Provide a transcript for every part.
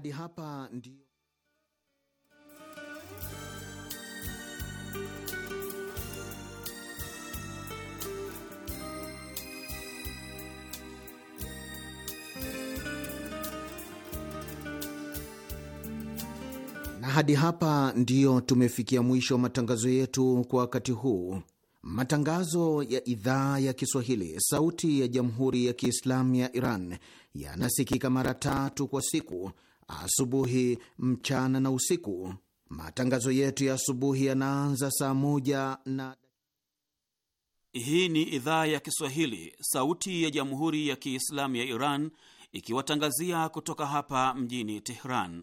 Hadi hapa ndio na hadi hapa ndiyo tumefikia mwisho wa matangazo yetu kwa wakati huu. Matangazo ya idhaa ya Kiswahili sauti ya jamhuri ya Kiislamu ya Iran yanasikika mara tatu kwa siku asubuhi, mchana na usiku. Matangazo yetu ya asubuhi yanaanza saa moja na hii ni idhaa ya Kiswahili, sauti ya jamhuri ya kiislamu ya Iran, ikiwatangazia kutoka hapa mjini Tehran.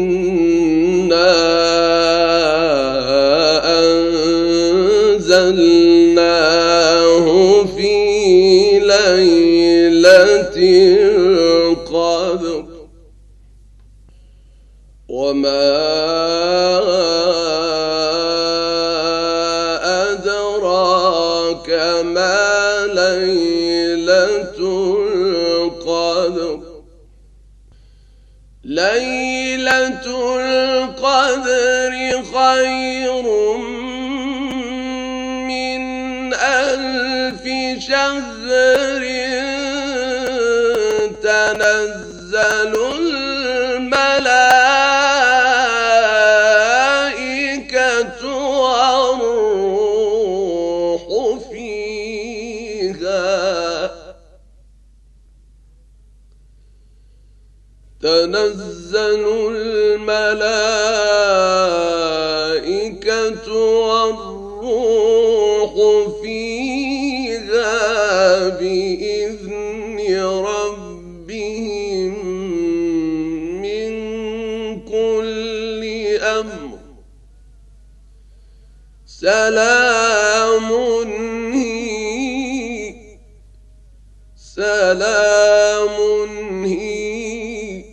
سلام هي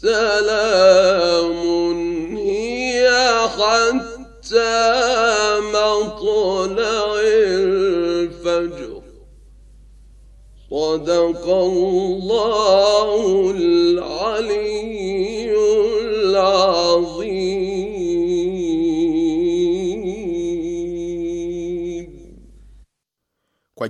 سلام هي حتى مطلع الفجر صدق الله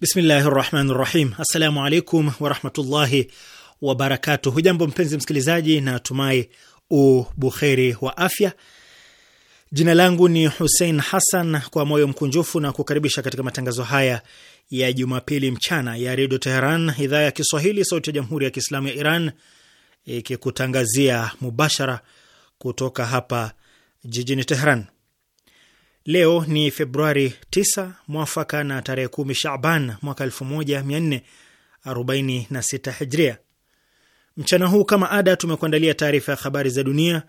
Bismillahi rahmani rahim. Assalamu alaikum warahmatullahi wabarakatuh. Hujambo mpenzi msikilizaji, na tumai ubuheri wa afya. Jina langu ni Husein Hasan, kwa moyo mkunjufu na kukaribisha katika matangazo haya ya Jumapili mchana ya Redio Teheran, idhaa ya Kiswahili, sauti ya Jamhuri ya Kiislamu ya Iran, ikikutangazia mubashara kutoka hapa jijini Teheran. Leo ni Februari 9 mwafaka na tarehe 10 Shaban mwaka 1446 Hijria. Mchana huu kama ada, tumekuandalia taarifa ya habari za dunia.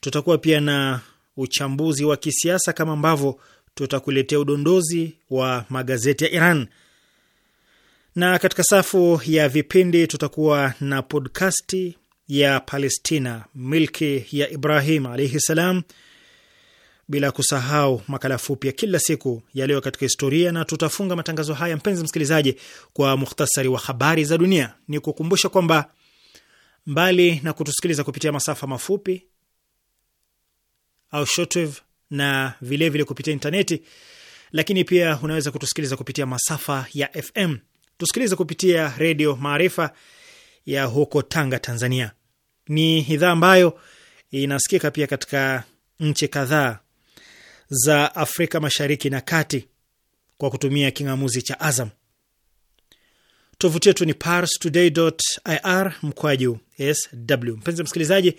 Tutakuwa pia na uchambuzi wa kisiasa kama ambavyo tutakuletea udondozi wa magazeti ya Iran, na katika safu ya vipindi tutakuwa na podkasti ya Palestina, milki ya Ibrahim alaihi salam bila kusahau makala fupi ya kila siku ya leo katika historia, na tutafunga matangazo haya, mpenzi msikilizaji, kwa muhtasari wa habari za dunia. Ni kukumbusha kwamba mbali na kutusikiliza kupitia masafa mafupi au shortwave na vilevile vile kupitia intaneti, lakini pia unaweza kutusikiliza kupitia masafa ya FM. Tusikilize kupitia Redio Maarifa ya huko Tanga, Tanzania. Ni idhaa ambayo inasikika pia katika nchi kadhaa za Afrika Mashariki na Kati kwa kutumia king'amuzi cha Azam. Tovuti yetu ni parstoday.ir mkwaju sw. Mpenzi msikilizaji,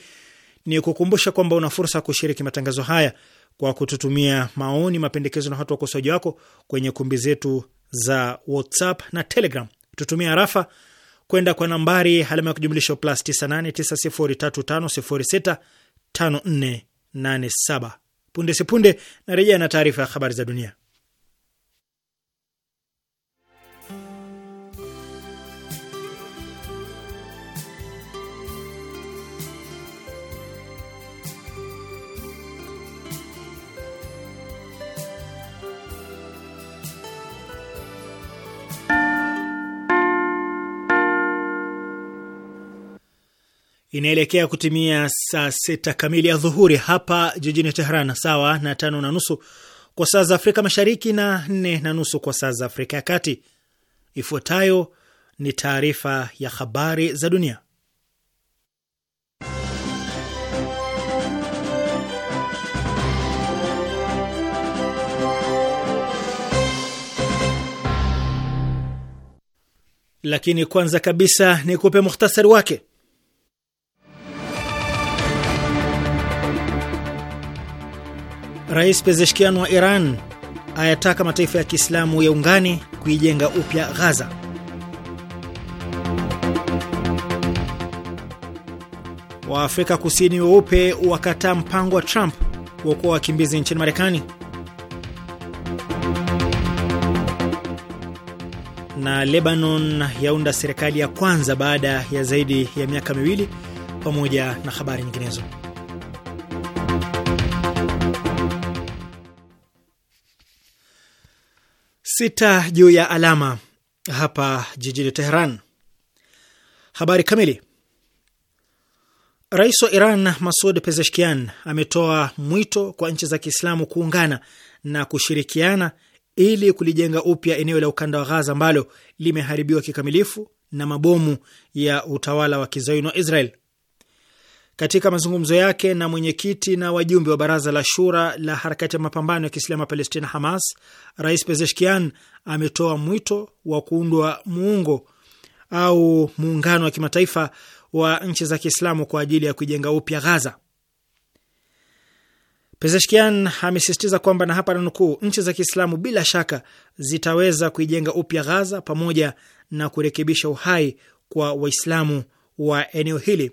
ni kukumbusha kwamba una fursa ya kushiriki matangazo haya kwa kututumia maoni, mapendekezo na hata ukosoaji wako kwenye kumbi zetu za WhatsApp na Telegram. Tutumia harafa kwenda kwa nambari alama ya kujumlisha plus 989035065487. Punde sipunde narejea na taarifa ya habari za dunia. inaelekea kutimia saa sita kamili ya dhuhuri hapa jijini Tehran, sawa na tano na nusu kwa saa za Afrika Mashariki na nne na nusu kwa saa za Afrika ya Kati. Ifuatayo ni taarifa ya habari za dunia, lakini kwanza kabisa ni kupe muhtasari wake. Rais Pezeshkian wa Iran ayataka mataifa ya Kiislamu yaungane kuijenga upya Ghaza. Waafrika Kusini weupe wakataa mpango wa Trump kuokoa wakimbizi nchini Marekani. Na Lebanon yaunda serikali ya kwanza baada ya zaidi ya miaka miwili, pamoja na habari nyinginezo. sita juu ya alama hapa jijini Teheran. Habari kamili. Rais wa Iran Masud Pezeshkian ametoa mwito kwa nchi za Kiislamu kuungana na kushirikiana ili kulijenga upya eneo la ukanda wa Ghaza ambalo limeharibiwa kikamilifu na mabomu ya utawala wa kizayuni wa Israel. Katika mazungumzo yake na mwenyekiti na wajumbe wa baraza la shura la harakati ya mapambano ya Kiislamu ya Palestina, Hamas, Rais Pezeshkian ametoa mwito wa kuundwa muungo au muungano wa kimataifa wa nchi za Kiislamu kwa ajili ya kuijenga upya Ghaza. Pezeshkian amesisitiza kwamba, na hapa nanukuu, nchi za Kiislamu bila shaka zitaweza kuijenga upya Ghaza pamoja na kurekebisha uhai kwa Waislamu wa eneo hili.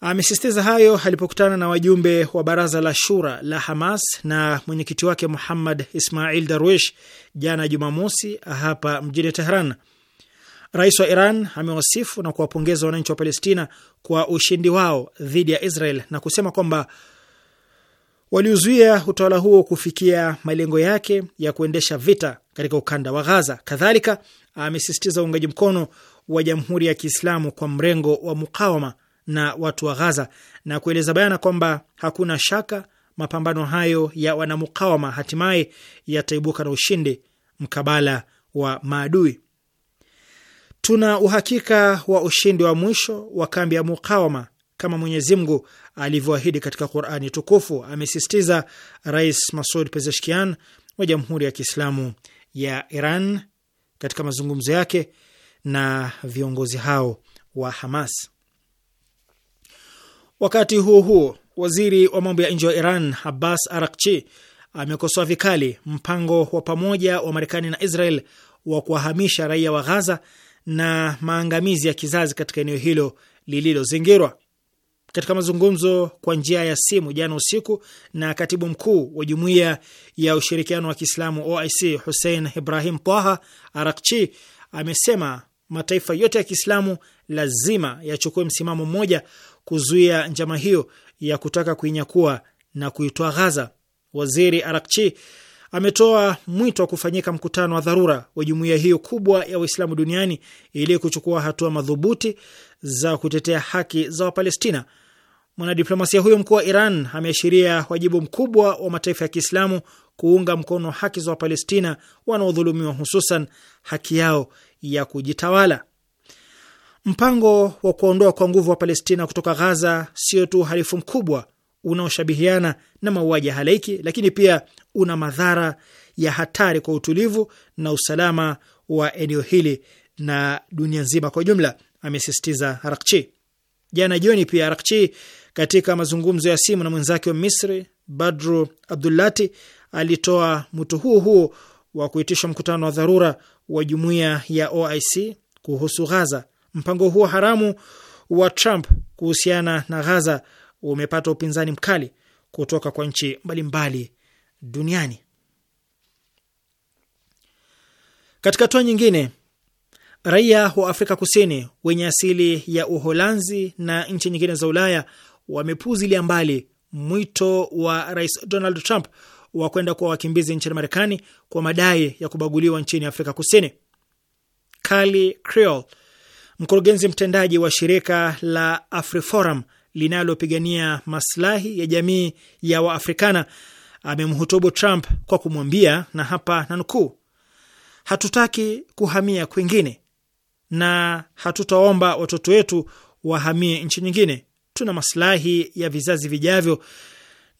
Amesisitiza hayo alipokutana na wajumbe wa baraza la shura la Hamas na mwenyekiti wake Muhammad Ismail Darwish jana Jumamosi hapa mjini Tehran. Rais wa Iran amewasifu na kuwapongeza wananchi wa Palestina kwa ushindi wao dhidi ya Israel na kusema kwamba waliuzuia utawala huo kufikia malengo yake ya kuendesha vita katika ukanda wa Ghaza. Kadhalika amesisitiza uungaji mkono wa Jamhuri ya Kiislamu kwa mrengo wa mukawama na watu wa Ghaza na kueleza bayana kwamba hakuna shaka mapambano hayo ya wanamukawama hatimaye yataibuka na ushindi mkabala wa maadui. Tuna uhakika wa ushindi wa mwisho wa kambi ya mukawama kama Mwenyezi Mungu alivyoahidi katika Qur'ani tukufu, amesisitiza Rais Masud Pezeshkian wa Jamhuri ya Kiislamu ya Iran katika mazungumzo yake na viongozi hao wa Hamas. Wakati huo huo, waziri wa mambo ya nje wa Iran Abbas Arakchi amekosoa vikali mpango wa pamoja wa Marekani na Israel wa kuwahamisha raia wa Ghaza na maangamizi ya kizazi katika eneo hilo lililozingirwa. Katika mazungumzo kwa njia ya simu jana usiku na katibu mkuu wa jumuiya ya ushirikiano wa Kiislamu OIC Hussein Ibrahim Taha, Arakchi amesema mataifa yote ya Kiislamu lazima yachukue msimamo mmoja kuzuia njama hiyo ya kutaka kuinyakua na kuitoa Ghaza. Waziri Arakchi ametoa mwito wa kufanyika mkutano wa dharura wa jumuiya hiyo kubwa ya Waislamu duniani ili kuchukua hatua madhubuti za kutetea haki za Wapalestina. Mwanadiplomasia huyo mkuu wa Iran ameashiria wajibu mkubwa wa mataifa ya Kiislamu kuunga mkono haki za Wapalestina wanaodhulumiwa, hususan haki yao ya kujitawala. Mpango wa kuondoa kwa nguvu wa Palestina kutoka Ghaza sio tu uhalifu mkubwa unaoshabihiana na mauaji ya halaiki, lakini pia una madhara ya hatari kwa utulivu na usalama wa eneo hili na dunia nzima kwa jumla, amesisitiza Arakchi. Jana jioni pia Arakchi, katika mazungumzo ya simu na mwenzake wa Misri Badru Abdulati, alitoa mwito huo huo wa kuitisha mkutano wa dharura wa jumuiya ya OIC kuhusu Ghaza. Mpango huo haramu wa Trump kuhusiana na Gaza umepata upinzani mkali kutoka kwa nchi mbalimbali duniani. Katika hatua nyingine, raia wa Afrika Kusini wenye asili ya Uholanzi na nchi nyingine za Ulaya wamepuzilia mbali mwito wa Rais Donald Trump wa kwenda kuwa wakimbizi nchini Marekani kwa madai ya kubaguliwa nchini Afrika Kusini. Kali Creole mkurugenzi mtendaji wa shirika la AfriForum linalopigania maslahi ya jamii ya Waafrikana amemhutubu Trump kwa kumwambia, na hapa nanukuu, hatutaki kuhamia kwingine na hatutaomba watoto wetu wahamie nchi nyingine. Tuna maslahi ya vizazi vijavyo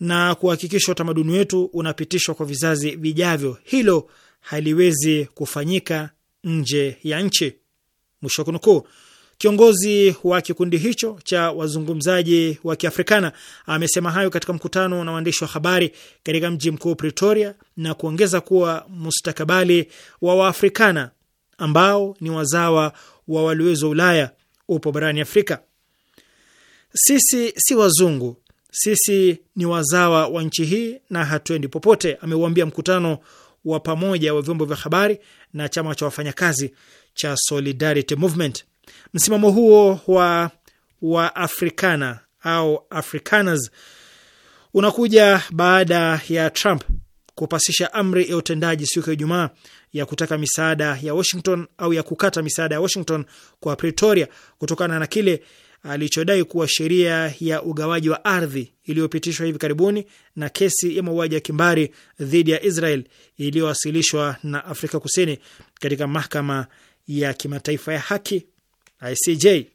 na kuhakikisha utamaduni wetu unapitishwa kwa vizazi vijavyo. Hilo haliwezi kufanyika nje ya nchi. Mwisho wa kunukuu. Kiongozi wa kikundi hicho cha wazungumzaji wa Kiafrikana amesema hayo katika mkutano na waandishi wa habari katika mji mkuu Pretoria, na kuongeza kuwa mustakabali wa Waafrikana ambao ni wazawa wa walowezi wa Ulaya upo barani Afrika. Sisi si wazungu, sisi ni wazawa wa nchi hii na hatuendi popote, ameuambia mkutano wa pamoja wa vyombo vya habari na chama cha wafanyakazi cha Solidarity Movement. Msimamo huo wa wa afrikana au Afrikaners unakuja baada ya Trump kupasisha amri ya utendaji siku ya Ijumaa ya kutaka misaada ya Washington au ya kukata misaada ya Washington kwa Pretoria kutokana na kile alichodai kuwa sheria ya ugawaji wa ardhi iliyopitishwa hivi karibuni na kesi ya mauaji ya kimbari dhidi ya Israel iliyowasilishwa na Afrika Kusini katika mahakama ya kimataifa ya haki ICJ.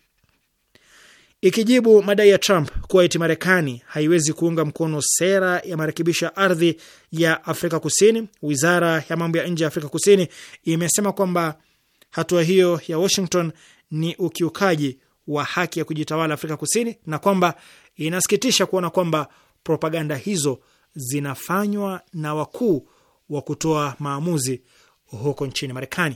Ikijibu madai ya Trump kuwa eti Marekani haiwezi kuunga mkono sera ya marekebisho ya ardhi ya Afrika Kusini, wizara ya mambo ya nje ya Afrika Kusini imesema kwamba hatua hiyo ya Washington ni ukiukaji wa haki ya kujitawala Afrika Kusini, na kwamba inasikitisha kuona kwamba propaganda hizo zinafanywa na wakuu wa kutoa maamuzi huko nchini Marekani.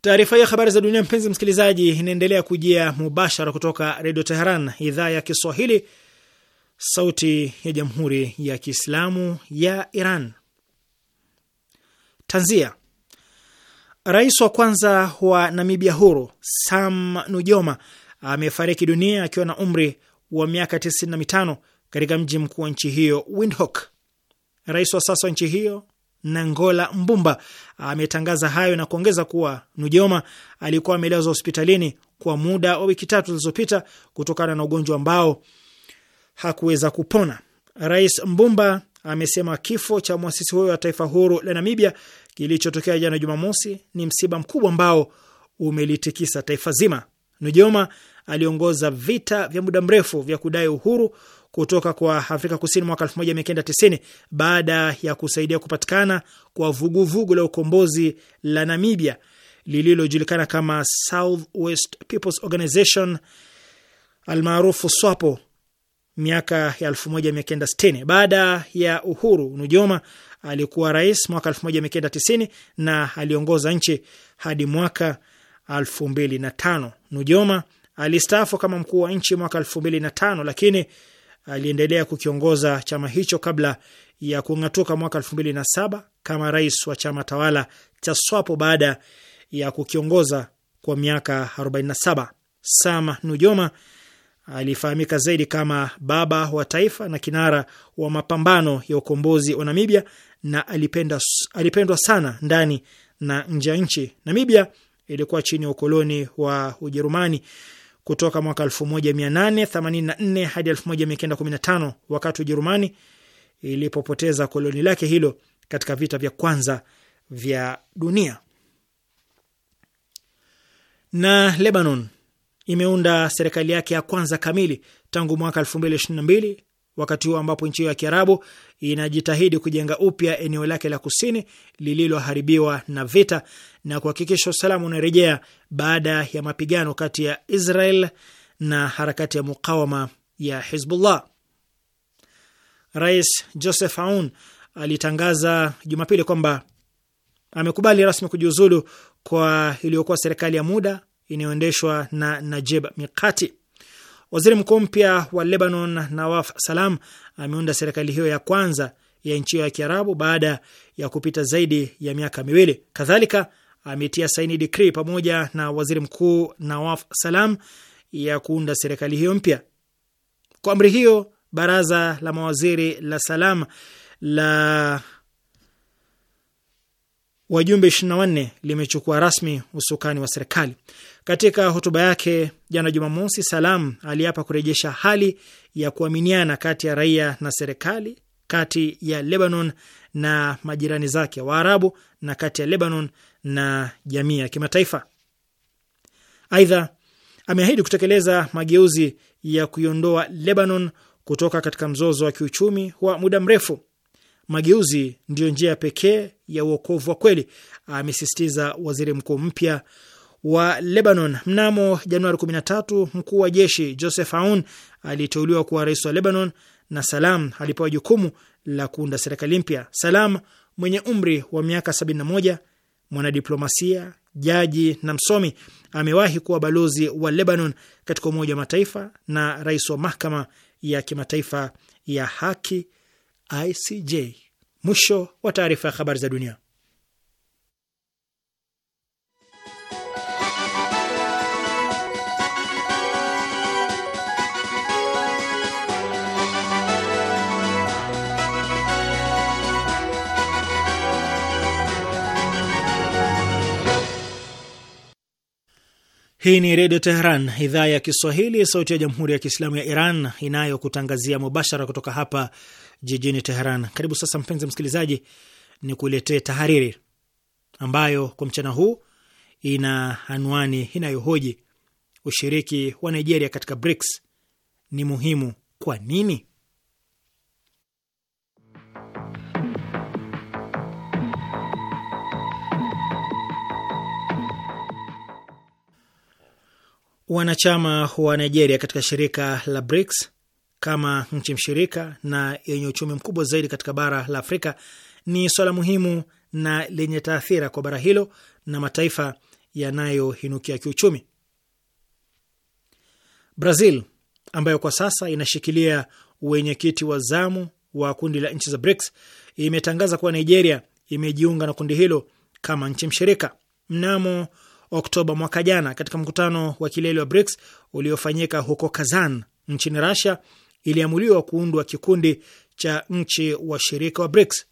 Taarifa ya habari za dunia, mpenzi msikilizaji, inaendelea kujia mubashara kutoka Redio Teheran, idhaa ya Kiswahili, sauti ya Jamhuri ya Kiislamu ya Iran. Tanzia Rais wa kwanza wa Namibia huru Sam Nujoma amefariki dunia akiwa na umri wa miaka 95 katika mji mkuu wa nchi hiyo Windhoek. Rais wa sasa wa nchi hiyo Nangola Mbumba ametangaza hayo na kuongeza kuwa Nujoma alikuwa amelazwa hospitalini kwa muda wa wiki tatu zilizopita kutokana na ugonjwa ambao hakuweza kupona. Rais Mbumba amesema kifo cha mwasisi huyo wa taifa huru la Namibia Kilichotokea jana Jumamosi ni msiba mkubwa ambao umelitikisa taifa zima. Nujoma aliongoza vita vya muda mrefu vya kudai uhuru kutoka kwa Afrika Kusini mwaka 1990 baada ya kusaidia kupatikana kwa vuguvugu vugu la ukombozi la Namibia lililojulikana kama Southwest People's Organization almaarufu SWAPO miaka ya 1960. Baada ya uhuru, Nujoma alikuwa rais mwaka 1990 na aliongoza nchi hadi mwaka 2005. Nujoma alistaafu kama mkuu wa nchi mwaka 2005, lakini aliendelea kukiongoza chama hicho kabla ya kung'atuka mwaka 2007 kama rais wa chama tawala cha Swapo baada ya kukiongoza kwa miaka 47. Sam Nujoma alifahamika zaidi kama baba wa taifa na kinara wa mapambano ya ukombozi wa Namibia na alipenda, alipendwa sana ndani na nje ya nchi. Namibia ilikuwa chini ya ukoloni wa Ujerumani kutoka mwaka 1884 hadi 1915 wakati Ujerumani ilipopoteza koloni lake hilo katika vita vya kwanza vya dunia. Na Lebanon imeunda serikali yake ya kwanza kamili tangu mwaka 2022 wakati huo ambapo nchi hiyo ya Kiarabu inajitahidi kujenga upya eneo lake la kusini lililoharibiwa na vita na kuhakikisha usalama unarejea baada ya mapigano kati ya Israel na harakati ya mukawama ya Hizbullah. Rais Joseph Aoun alitangaza Jumapili kwamba amekubali rasmi kujiuzulu kwa iliyokuwa serikali ya muda inayoendeshwa na Najib Mikati. Waziri mkuu mpya wa Lebanon, Nawaf Salam, ameunda serikali hiyo ya kwanza ya nchi hiyo ya Kiarabu baada ya kupita zaidi ya miaka miwili. Kadhalika ametia saini dikri pamoja na waziri mkuu Nawaf Salam ya kuunda serikali hiyo mpya. Kwa amri hiyo, baraza la mawaziri la Salam la wajumbe 24 limechukua rasmi usukani wa serikali. Katika hotuba yake jana Jumamosi, Salam aliapa kurejesha hali ya kuaminiana kati ya raia na serikali, kati ya Lebanon na majirani zake Waarabu na kati ya Lebanon na jamii ya kimataifa. Aidha, ameahidi kutekeleza mageuzi ya kuiondoa Lebanon kutoka katika mzozo wa kiuchumi wa muda mrefu mageuzi ndiyo njia pekee ya uokovu wa kweli, amesisitiza waziri mkuu mpya wa Lebanon. Mnamo Januari 13 mkuu wa jeshi Joseph Aoun aliteuliwa kuwa rais wa Lebanon na Salam alipewa jukumu la kuunda serikali mpya. Salam mwenye umri wa miaka 71, mwanadiplomasia, jaji na msomi, amewahi kuwa balozi wa Lebanon katika Umoja wa Mataifa na rais wa mahakama ya kimataifa ya haki ICJ. Mwisho wa taarifa ya habari za dunia. Hii ni Redio Teheran, idhaa ya Kiswahili, sauti ya Jamhuri ya Kiislamu ya Iran, inayokutangazia mubashara kutoka hapa jijini Teheran. Karibu sasa, mpenzi msikilizaji, ni kuletee tahariri ambayo kwa mchana huu ina anwani inayohoji ushiriki wa Nigeria katika BRICS ni muhimu kwa nini? Wanachama wa Nigeria katika shirika la BRICS kama nchi mshirika na yenye uchumi mkubwa zaidi katika bara la Afrika ni swala muhimu na lenye taathira kwa bara hilo na mataifa yanayohinukia kiuchumi. Brazil ambayo kwa sasa inashikilia uwenyekiti wa zamu wa kundi la nchi za BRICS imetangaza kuwa Nigeria imejiunga na kundi hilo kama nchi mshirika mnamo Oktoba mwaka jana, katika mkutano wa kilele wa BRICS uliofanyika huko Kazan nchini Russia iliamuliwa kuundwa kikundi cha nchi washirika wa BRICS.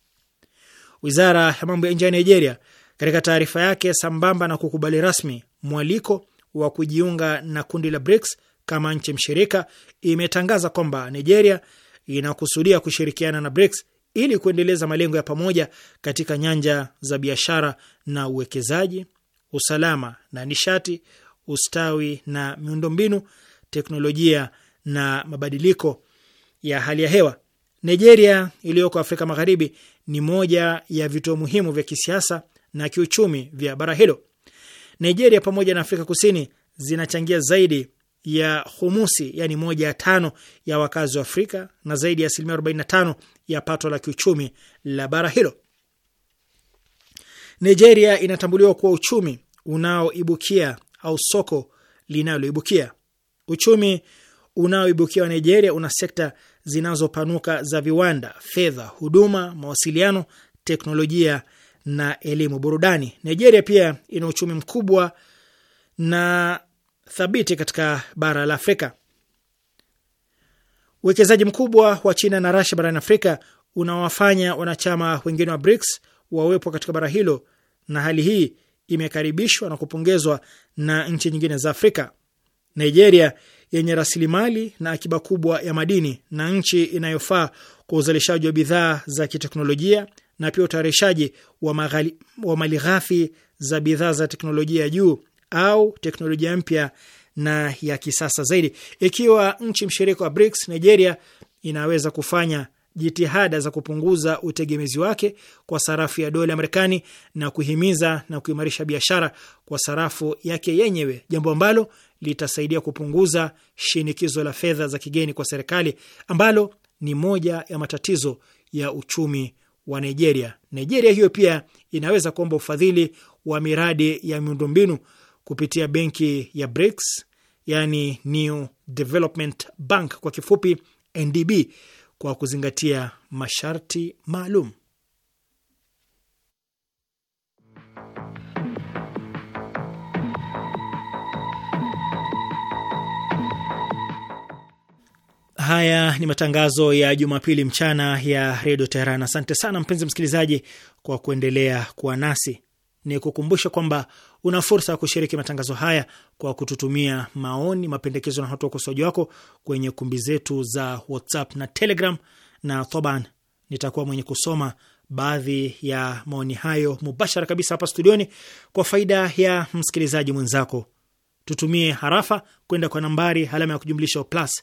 Wizara ya mambo ya nje ya Nigeria katika taarifa yake, sambamba na kukubali rasmi mwaliko wa kujiunga na kundi la BRICS kama nchi mshirika, imetangaza kwamba Nigeria inakusudia kushirikiana na BRICS ili kuendeleza malengo ya pamoja katika nyanja za biashara na uwekezaji, usalama na nishati, ustawi na miundombinu, teknolojia na mabadiliko ya hali ya hewa. Nigeria iliyoko Afrika Magharibi ni moja ya vituo muhimu vya kisiasa na kiuchumi vya bara hilo. Nigeria pamoja na Afrika Kusini zinachangia zaidi ya humusi, yani moja ya tano ya wakazi wa Afrika na zaidi ya asilimia 45 ya pato la kiuchumi la bara hilo. Nigeria inatambuliwa kuwa uchumi unaoibukia au soko linaloibukia. Uchumi unaoibukia wa Nigeria una sekta zinazopanuka za viwanda, fedha, huduma, mawasiliano, teknolojia na elimu, burudani. Nigeria pia ina uchumi mkubwa na thabiti katika bara la Afrika. Uwekezaji mkubwa wa China na Rasia barani Afrika unawafanya wanachama wengine wa BRICS wawepo katika bara hilo, na hali hii imekaribishwa na kupongezwa na nchi nyingine za Afrika. Nigeria yenye rasilimali na akiba kubwa ya madini na nchi inayofaa kwa uzalishaji wa bidhaa za kiteknolojia na pia utayarishaji wa, wa ghafi za bidhaa za teknolojia ya juu au teknolojia mpya na ya kisasa zaidi. Ikiwa nchi mshirika wa BRICS, Nigeria inaweza kufanya jitihada za kupunguza utegemezi wake kwa sarafu ya dola ya Marekani na kuhimiza na kuimarisha biashara kwa sarafu yake yenyewe, jambo ambalo litasaidia kupunguza shinikizo la fedha za kigeni kwa serikali ambalo ni moja ya matatizo ya uchumi wa Nigeria. Nigeria hiyo pia inaweza kuomba ufadhili wa miradi ya miundombinu kupitia benki ya BRICS, yani New Development Bank kwa kifupi NDB, kwa kuzingatia masharti maalum. Haya ni matangazo ya Jumapili mchana ya redio Teheran. Asante sana mpenzi msikilizaji kwa kuendelea kuwa nasi. Ni kukumbusha kwamba una fursa ya kushiriki matangazo haya kwa kututumia maoni, mapendekezo na hata ukosoaji wako kwenye kumbi zetu za WhatsApp na Telegram, na thoban nitakuwa mwenye kusoma baadhi ya maoni hayo mubashara kabisa hapa studioni kwa faida ya msikilizaji mwenzako. Tutumie harafa kwenda kwa nambari alama ya kujumlisha plus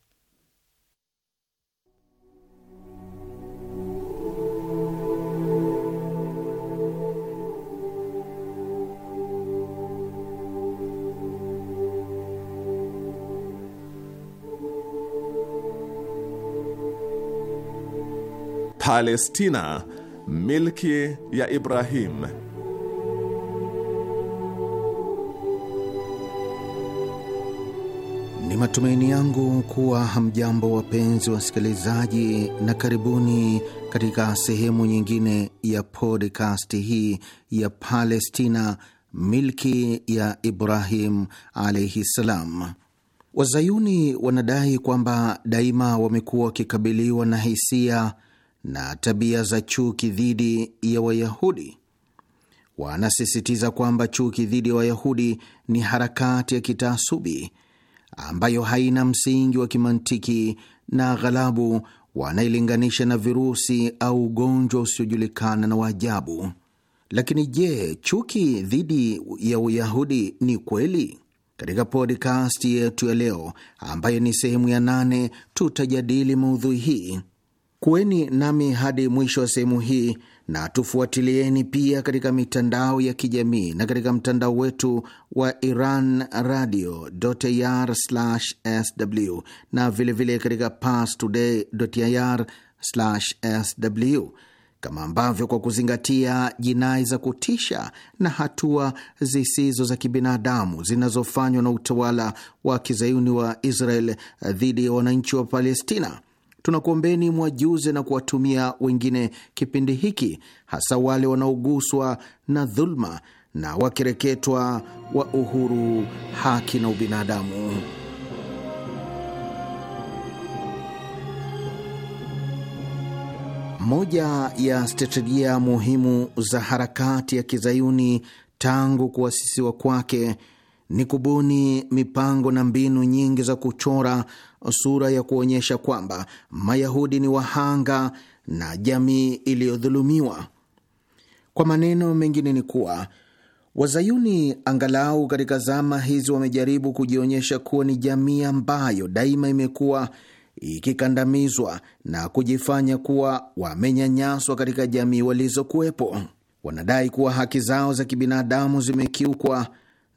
Palestina, milki ya Ibrahim. Ni matumaini yangu kuwa hamjambo wapenzi wasikilizaji, na karibuni katika sehemu nyingine ya podcast hii ya Palestina, milki ya Ibrahim alaihi ssalam. Wazayuni wanadai kwamba daima wamekuwa wakikabiliwa na hisia na tabia za chuki dhidi ya Wayahudi. Wanasisitiza kwamba chuki dhidi ya Wayahudi ni harakati ya kitaasubi ambayo haina msingi wa kimantiki na ghalabu wanailinganisha na virusi au ugonjwa usiojulikana na waajabu. Lakini je, chuki dhidi ya Uyahudi ni kweli? Katika podkasti yetu ya leo ambayo ni sehemu ya nane, tutajadili maudhui hii. Kuweni nami hadi mwisho wa sehemu hii na tufuatilieni pia katika mitandao ya kijamii na katika mtandao wetu wa Iran radio .ir sw na vilevile vile katika Pars Today ir sw, kama ambavyo kwa kuzingatia jinai za kutisha na hatua zisizo za kibinadamu zinazofanywa na utawala wa kizayuni wa Israel dhidi ya wananchi wa Palestina Tunakuombeni mwajuze na kuwatumia wengine kipindi hiki, hasa wale wanaoguswa na dhuluma na wakireketwa wa uhuru, haki na ubinadamu. Moja ya strategia muhimu za harakati ya kizayuni tangu kuasisiwa kwake ni kubuni mipango na mbinu nyingi za kuchora sura ya kuonyesha kwamba Mayahudi ni wahanga na jamii iliyodhulumiwa. Kwa maneno mengine ni kuwa Wazayuni angalau katika zama hizi wamejaribu kujionyesha kuwa ni jamii ambayo daima imekuwa ikikandamizwa na kujifanya kuwa wamenyanyaswa katika jamii walizokuwepo. Wanadai kuwa haki zao za kibinadamu zimekiukwa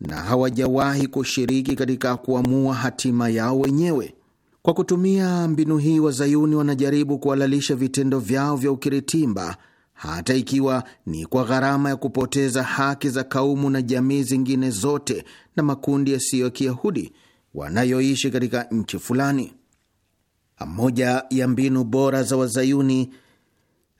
na hawajawahi kushiriki katika kuamua hatima yao wenyewe. Kwa kutumia mbinu hii, wazayuni wanajaribu kuhalalisha vitendo vyao vya ukiritimba, hata ikiwa ni kwa gharama ya kupoteza haki za kaumu na jamii zingine zote na makundi yasiyo ya kiyahudi wanayoishi katika nchi fulani. Moja ya mbinu bora za wazayuni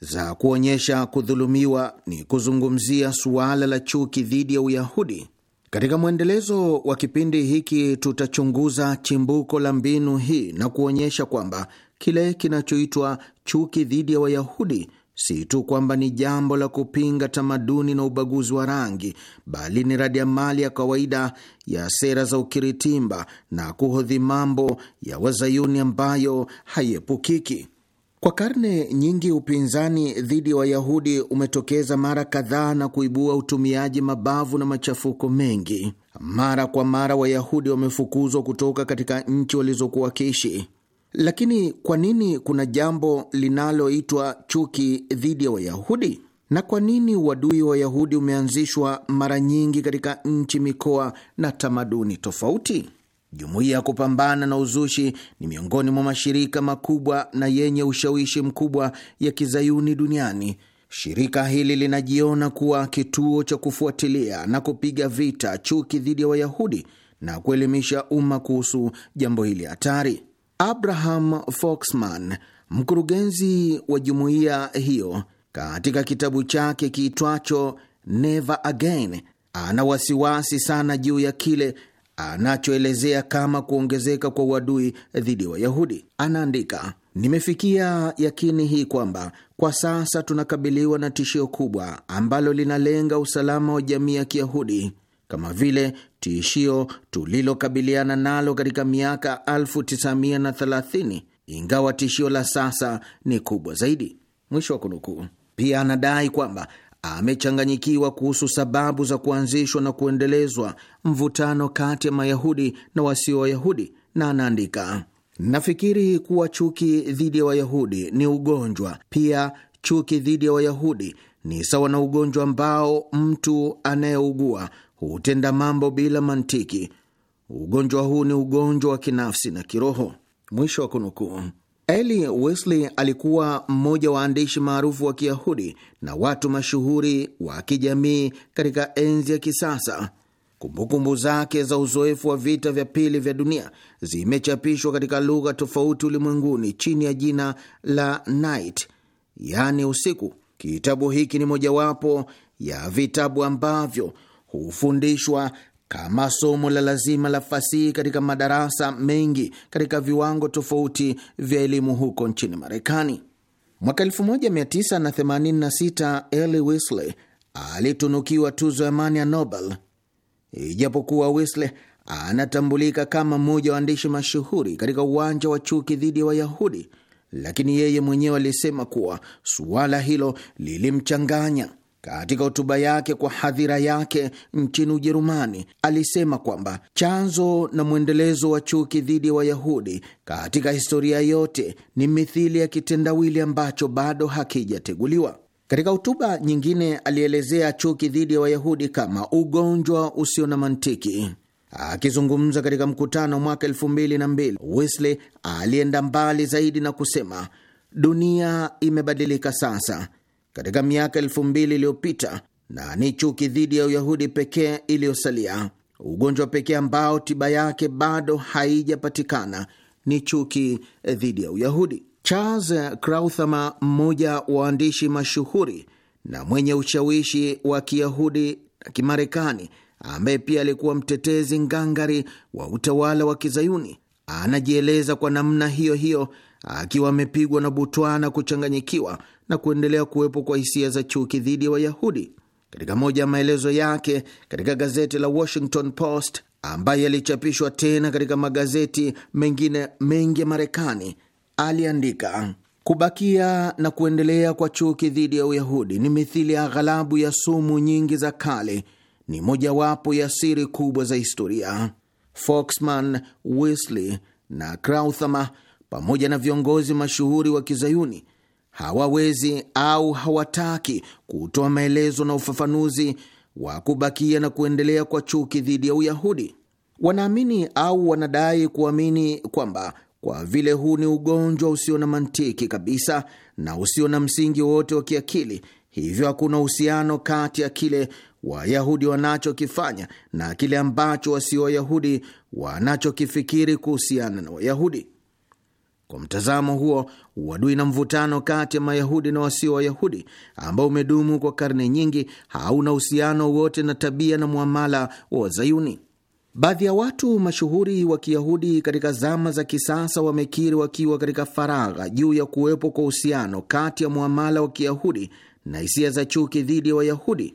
za kuonyesha kudhulumiwa ni kuzungumzia suala la chuki dhidi ya Uyahudi katika mwendelezo wa kipindi hiki tutachunguza chimbuko la mbinu hii na kuonyesha kwamba kile kinachoitwa chuki dhidi ya Wayahudi si tu kwamba ni jambo la kupinga tamaduni na ubaguzi wa rangi, bali ni radi ya mali ya kawaida ya sera za ukiritimba na kuhodhi mambo ya Wazayuni ambayo haiepukiki. Kwa karne nyingi upinzani dhidi ya Wayahudi umetokeza mara kadhaa na kuibua utumiaji mabavu na machafuko mengi. Mara kwa mara Wayahudi wamefukuzwa kutoka katika nchi walizokuwa wakiishi. Lakini kwa nini kuna jambo linaloitwa chuki dhidi ya Wayahudi? Na kwa nini uadui wa Wayahudi umeanzishwa mara nyingi katika nchi, mikoa na tamaduni tofauti? Jumuiya ya kupambana na uzushi ni miongoni mwa mashirika makubwa na yenye ushawishi mkubwa ya kizayuni duniani. Shirika hili linajiona kuwa kituo cha kufuatilia na kupiga vita chuki dhidi ya Wayahudi na kuelimisha umma kuhusu jambo hili hatari. Abraham Foxman, mkurugenzi wa jumuiya hiyo, katika kitabu chake kiitwacho Never Again, ana wasiwasi sana juu ya kile anachoelezea kama kuongezeka kwa uadui dhidi ya Wayahudi. Anaandika, nimefikia yakini hii kwamba kwa sasa tunakabiliwa na tishio kubwa ambalo linalenga usalama wa jamii ya Kiyahudi kama vile tishio tulilokabiliana nalo katika miaka 1930 ingawa tishio la sasa ni kubwa zaidi. Mwisho wa kunukuu. Pia anadai kwamba amechanganyikiwa kuhusu sababu za kuanzishwa na kuendelezwa mvutano kati ya Mayahudi na wasio Wayahudi, na anaandika nafikiri kuwa chuki dhidi ya Wayahudi ni ugonjwa pia. Chuki dhidi ya Wayahudi ni sawa na ugonjwa ambao mtu anayeugua hutenda mambo bila mantiki. Ugonjwa huu ni ugonjwa wa kinafsi na kiroho. Mwisho wa kunukuu. Eli Wesley alikuwa mmoja wa waandishi maarufu wa Kiyahudi na watu mashuhuri wa kijamii katika enzi ya kisasa. Kumbukumbu zake za uzoefu wa vita vya pili vya dunia zimechapishwa katika lugha tofauti ulimwenguni chini ya jina la Night, yaani usiku. Kitabu hiki ni mojawapo ya vitabu ambavyo hufundishwa kama somo la lazima la fasihi katika madarasa mengi katika viwango tofauti vya elimu huko nchini Marekani. Mwaka 1986 alitunukiwa tuzo ya amani ya Nobel. Ijapokuwa Weasley anatambulika kama mmoja wa waandishi mashuhuri katika uwanja wa chuki dhidi ya wa Wayahudi, lakini yeye mwenyewe alisema kuwa suala hilo lilimchanganya. Katika hotuba yake kwa hadhira yake nchini Ujerumani alisema kwamba chanzo na mwendelezo wa chuki dhidi ya Wayahudi katika historia yote ni mithili ya kitendawili ambacho bado hakijateguliwa. Katika hotuba nyingine alielezea chuki dhidi ya Wayahudi kama ugonjwa usio na mantiki. Akizungumza katika mkutano mwaka elfu mbili na mbili, Wesley alienda mbali zaidi na kusema dunia imebadilika sasa katika miaka elfu mbili iliyopita na ni chuki dhidi ya Uyahudi pekee iliyosalia. Ugonjwa pekee ambao tiba yake bado haijapatikana ni chuki dhidi ya Uyahudi. Charles Krauthammer, mmoja wa waandishi mashuhuri na mwenye ushawishi wa Kiyahudi na Kimarekani, ambaye pia alikuwa mtetezi ngangari wa utawala wa Kizayuni, anajieleza kwa namna hiyo hiyo akiwa amepigwa na butwaa na kuchanganyikiwa na kuendelea kuwepo kwa hisia za chuki dhidi ya wa Wayahudi. Katika moja ya maelezo yake katika gazeti la Washington Post ambaye yalichapishwa tena katika magazeti mengine mengi ya Marekani, aliandika Kubakia na kuendelea kwa chuki dhidi ya Uyahudi ni mithili ya aghalabu ya sumu nyingi za kale, ni mojawapo ya siri kubwa za historia. Foxman, Wesley na Krauthammer pamoja na viongozi mashuhuri wa kizayuni hawawezi au hawataki kutoa maelezo na ufafanuzi wa kubakia na kuendelea kwa chuki dhidi ya Uyahudi. Wanaamini au wanadai kuamini kwamba kwa vile huu ni ugonjwa usio na mantiki kabisa na usio na msingi wowote wa kiakili, hivyo hakuna uhusiano kati ya kile Wayahudi wanachokifanya na kile ambacho wasio Wayahudi wanachokifikiri kuhusiana na Wayahudi. Kwa mtazamo huo, uadui na mvutano kati ya Mayahudi na wasio Wayahudi ambao umedumu kwa karne nyingi hauna uhusiano wote na tabia na mwamala wa Wazayuni. Baadhi ya watu mashuhuri wa Kiyahudi katika zama za kisasa wamekiri wakiwa katika faragha juu ya kuwepo kwa uhusiano kati ya mwamala wa Kiyahudi na hisia za chuki dhidi ya Wayahudi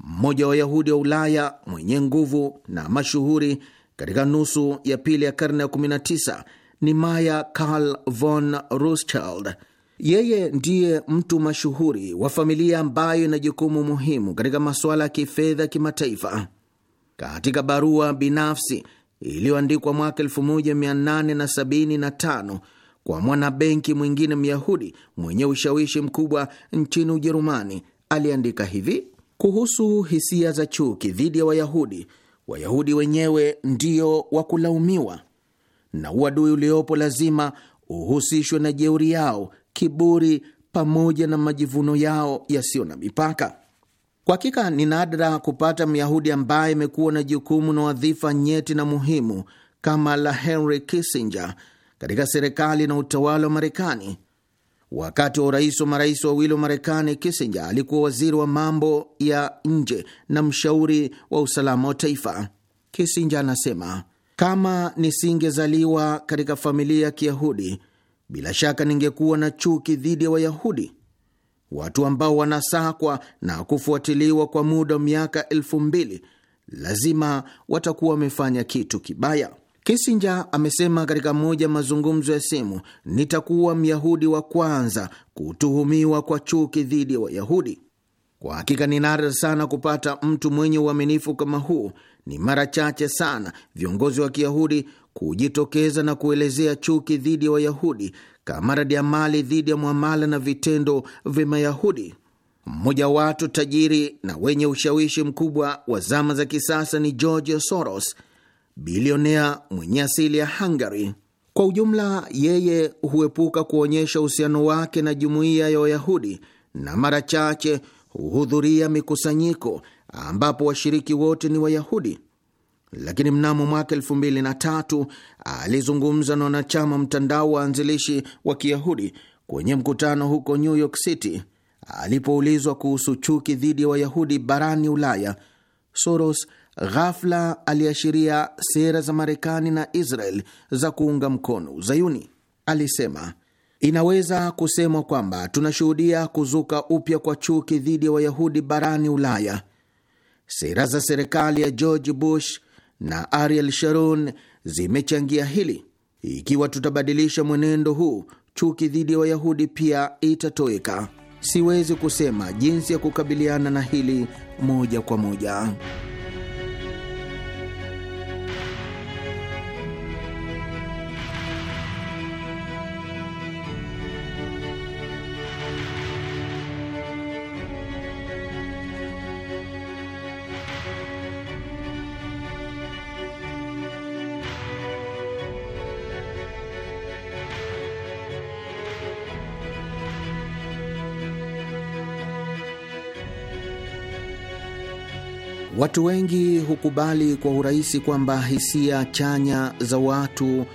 mmoja wa Wayahudi wa Ulaya mwenye nguvu na mashuhuri katika nusu ya pili ya karne ya 19 ni maya Karl von Rothschild. Yeye ndiye mtu mashuhuri wa familia ambayo ina jukumu muhimu katika masuala ya kifedha kimataifa. Katika barua binafsi iliyoandikwa mwaka 1875 kwa mwanabenki mwingine Myahudi mwenye ushawishi mkubwa nchini Ujerumani, aliandika hivi: kuhusu hisia za chuki dhidi ya Wayahudi, Wayahudi wenyewe ndio wa kulaumiwa, na uadui uliopo lazima uhusishwe na jeuri yao, kiburi pamoja na majivuno yao yasiyo na mipaka. Kwa hakika ni nadra kupata Myahudi ambaye amekuwa na jukumu na wadhifa nyeti na muhimu kama la Henry Kissinger katika serikali na utawala wa Marekani. Wakati wa urais wa marais wawili wa Marekani, Kissinger alikuwa waziri wa mambo ya nje na mshauri wa usalama wa taifa. Kissinger anasema, kama nisingezaliwa katika familia ya Kiyahudi, bila shaka ningekuwa na chuki dhidi ya Wayahudi, watu ambao wanasakwa na kufuatiliwa kwa muda wa miaka elfu mbili lazima watakuwa wamefanya kitu kibaya. Kissinger amesema katika moja mazungumzo ya simu, nitakuwa myahudi wa kwanza kutuhumiwa kwa chuki dhidi ya Wayahudi. Kwa hakika ni nadra sana kupata mtu mwenye uaminifu kama huu. Ni mara chache sana viongozi wa Kiyahudi kujitokeza na kuelezea chuki dhidi ya Wayahudi kama radi ya mali dhidi ya mwamala na vitendo vya Mayahudi. Mmoja wa watu tajiri na wenye ushawishi mkubwa wa zama za kisasa ni George Soros bilionea mwenye asili ya Hungary. Kwa ujumla, yeye huepuka kuonyesha uhusiano wake na jumuiya ya Wayahudi na mara chache huhudhuria mikusanyiko ambapo washiriki wote ni Wayahudi. Lakini mnamo mwaka elfu mbili na tatu alizungumza na wanachama mtandao wa anzilishi wa Kiyahudi kwenye mkutano huko New York City. Alipoulizwa kuhusu chuki dhidi ya Wayahudi barani Ulaya, Soros ghafla aliashiria sera za Marekani na Israel za kuunga mkono Uzayuni. Alisema inaweza kusemwa kwamba tunashuhudia kuzuka upya kwa chuki dhidi ya Wayahudi barani Ulaya. Sera za serikali ya George Bush na Ariel Sharon zimechangia hili. Ikiwa tutabadilisha mwenendo huu, chuki dhidi ya Wayahudi pia itatoweka. Siwezi kusema jinsi ya kukabiliana na hili moja kwa moja. Watu wengi hukubali kwa urahisi kwamba hisia chanya za watu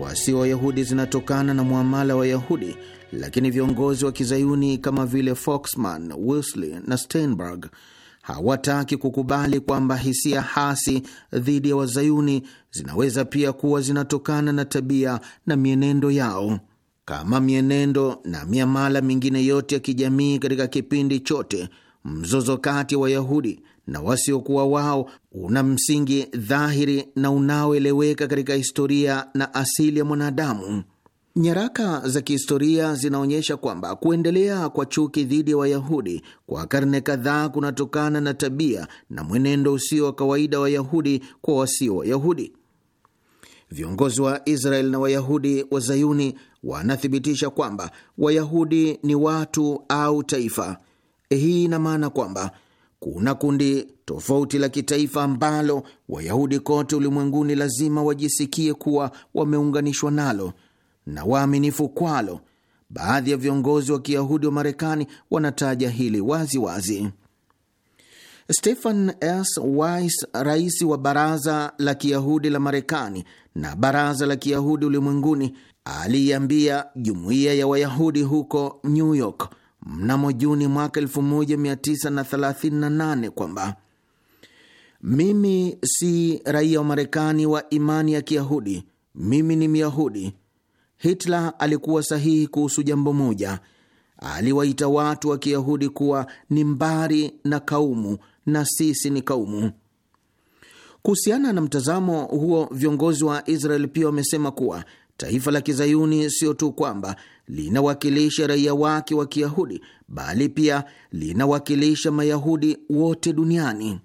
wasio Wayahudi zinatokana na mwamala wa Yahudi, lakini viongozi wa kizayuni kama vile Foxman, Wesley na Steinberg hawataki kukubali kwamba hisia hasi dhidi ya wazayuni zinaweza pia kuwa zinatokana na tabia na mienendo yao kama mienendo na miamala mingine yote ya kijamii. Katika kipindi chote, mzozo kati ya Wayahudi na wasiokuwa wao una msingi dhahiri na unaoeleweka katika historia na asili ya mwanadamu. Nyaraka za kihistoria zinaonyesha kwamba kuendelea kwa chuki dhidi ya wa Wayahudi kwa karne kadhaa kunatokana na tabia na mwenendo usio wa kawaida Wayahudi kwa wasio Wayahudi. Viongozi wa israel na Wayahudi wa Zayuni wanathibitisha kwamba Wayahudi ni watu au taifa. Hii ina maana kwamba kuna kundi tofauti la kitaifa ambalo Wayahudi kote ulimwenguni lazima wajisikie kuwa wameunganishwa nalo na waaminifu kwalo. Baadhi ya viongozi wa Kiyahudi wa Marekani wanataja hili wazi wazi. Stephen S. Weiss, rais wa Baraza la Kiyahudi la Marekani na Baraza la Kiyahudi Ulimwenguni, aliiambia jumuiya ya Wayahudi huko New York mnamo Juni mwaka 1938 kwamba mimi si raia wa Marekani wa imani ya Kiyahudi, mimi ni Myahudi. Hitler alikuwa sahihi kuhusu jambo moja: aliwaita watu wa Kiyahudi kuwa ni mbari na kaumu, na sisi ni kaumu. Kuhusiana na mtazamo huo, viongozi wa Israel pia wamesema kuwa taifa la kizayuni sio tu kwamba linawakilisha raia wake wa Kiyahudi, bali pia linawakilisha Mayahudi wote duniani.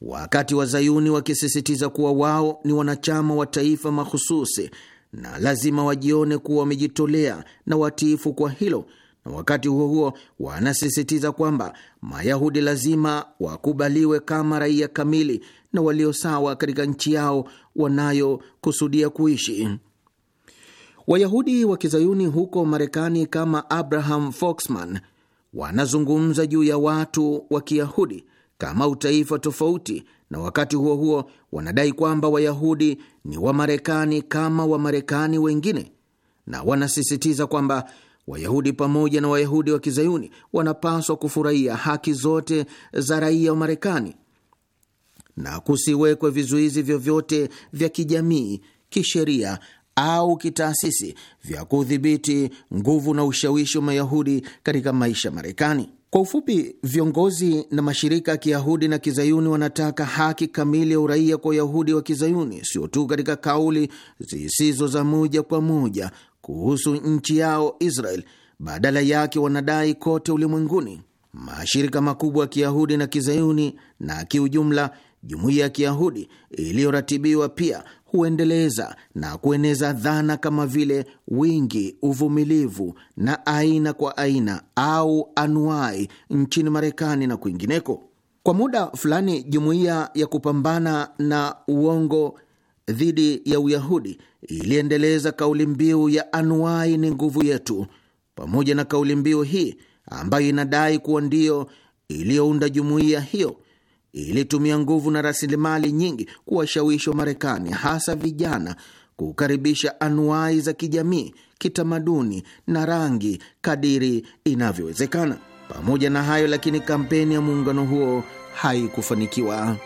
Wakati wazayuni wakisisitiza kuwa wao ni wanachama wa taifa mahususi na lazima wajione kuwa wamejitolea na watiifu kwa hilo, na wakati huo huo wanasisitiza kwamba Mayahudi lazima wakubaliwe kama raia kamili na walio sawa katika nchi yao wanayokusudia kuishi. Wayahudi wa kizayuni huko Marekani kama Abraham Foxman wanazungumza juu ya watu wa kiyahudi kama utaifa tofauti, na wakati huo huo wanadai kwamba Wayahudi ni Wamarekani kama Wamarekani wengine, na wanasisitiza kwamba Wayahudi pamoja na Wayahudi wa kizayuni wanapaswa kufurahia haki zote za raia wa Marekani na kusiwekwe vizuizi vyovyote vya kijamii, kisheria au kitaasisi vya kudhibiti nguvu na ushawishi wa Mayahudi katika maisha Marekani. Kwa ufupi, viongozi na mashirika ya Kiyahudi na Kizayuni wanataka haki kamili ya uraia kwa Wayahudi wa Kizayuni, sio tu katika kauli zisizo za moja kwa moja kuhusu nchi yao Israel. Badala yake wanadai kote ulimwenguni, mashirika makubwa ya Kiyahudi na Kizayuni na kiujumla jumuiya ya Kiyahudi iliyoratibiwa pia huendeleza na kueneza dhana kama vile wingi, uvumilivu na aina kwa aina au anuai nchini Marekani na kwingineko. Kwa muda fulani, jumuiya ya kupambana na uongo dhidi ya Uyahudi iliendeleza kauli mbiu ya anuai ni nguvu yetu. Pamoja na kauli mbiu hii ambayo inadai kuwa ndiyo iliyounda jumuiya hiyo ilitumia nguvu na rasilimali nyingi kuwashawishi marekani hasa vijana, kukaribisha anuai za kijamii, kitamaduni na rangi kadiri inavyowezekana. Pamoja na hayo lakini, kampeni ya muungano huo haikufanikiwa.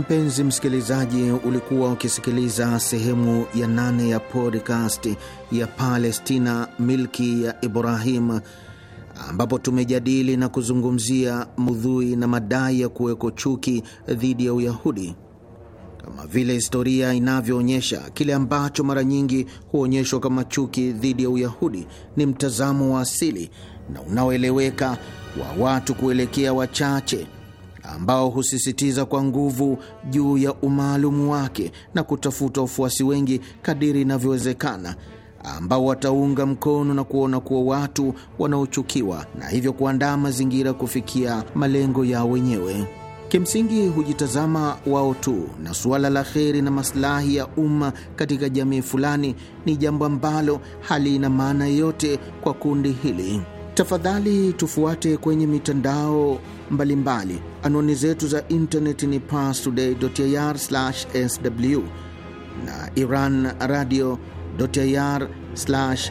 Mpenzi msikilizaji, ulikuwa ukisikiliza sehemu ya nane ya podcast ya Palestina, milki ya Ibrahim, ambapo tumejadili na kuzungumzia maudhui na madai ya kuweko chuki dhidi ya Uyahudi. Kama vile historia inavyoonyesha, kile ambacho mara nyingi huonyeshwa kama chuki dhidi ya Uyahudi ni mtazamo wa asili na unaoeleweka wa watu kuelekea wachache ambao husisitiza kwa nguvu juu ya umaalumu wake na kutafuta wafuasi wengi kadiri inavyowezekana ambao wataunga mkono na kuona kuwa watu wanaochukiwa na hivyo kuandaa mazingira kufikia malengo yao wenyewe. Kimsingi hujitazama wao tu, na suala la kheri na masilahi ya umma katika jamii fulani ni jambo ambalo halina maana yoyote kwa kundi hili. Tafadhali tufuate kwenye mitandao mbalimbali. Anwani zetu za intaneti ni parstoday.ir/sw na Iran radio .ir/sw.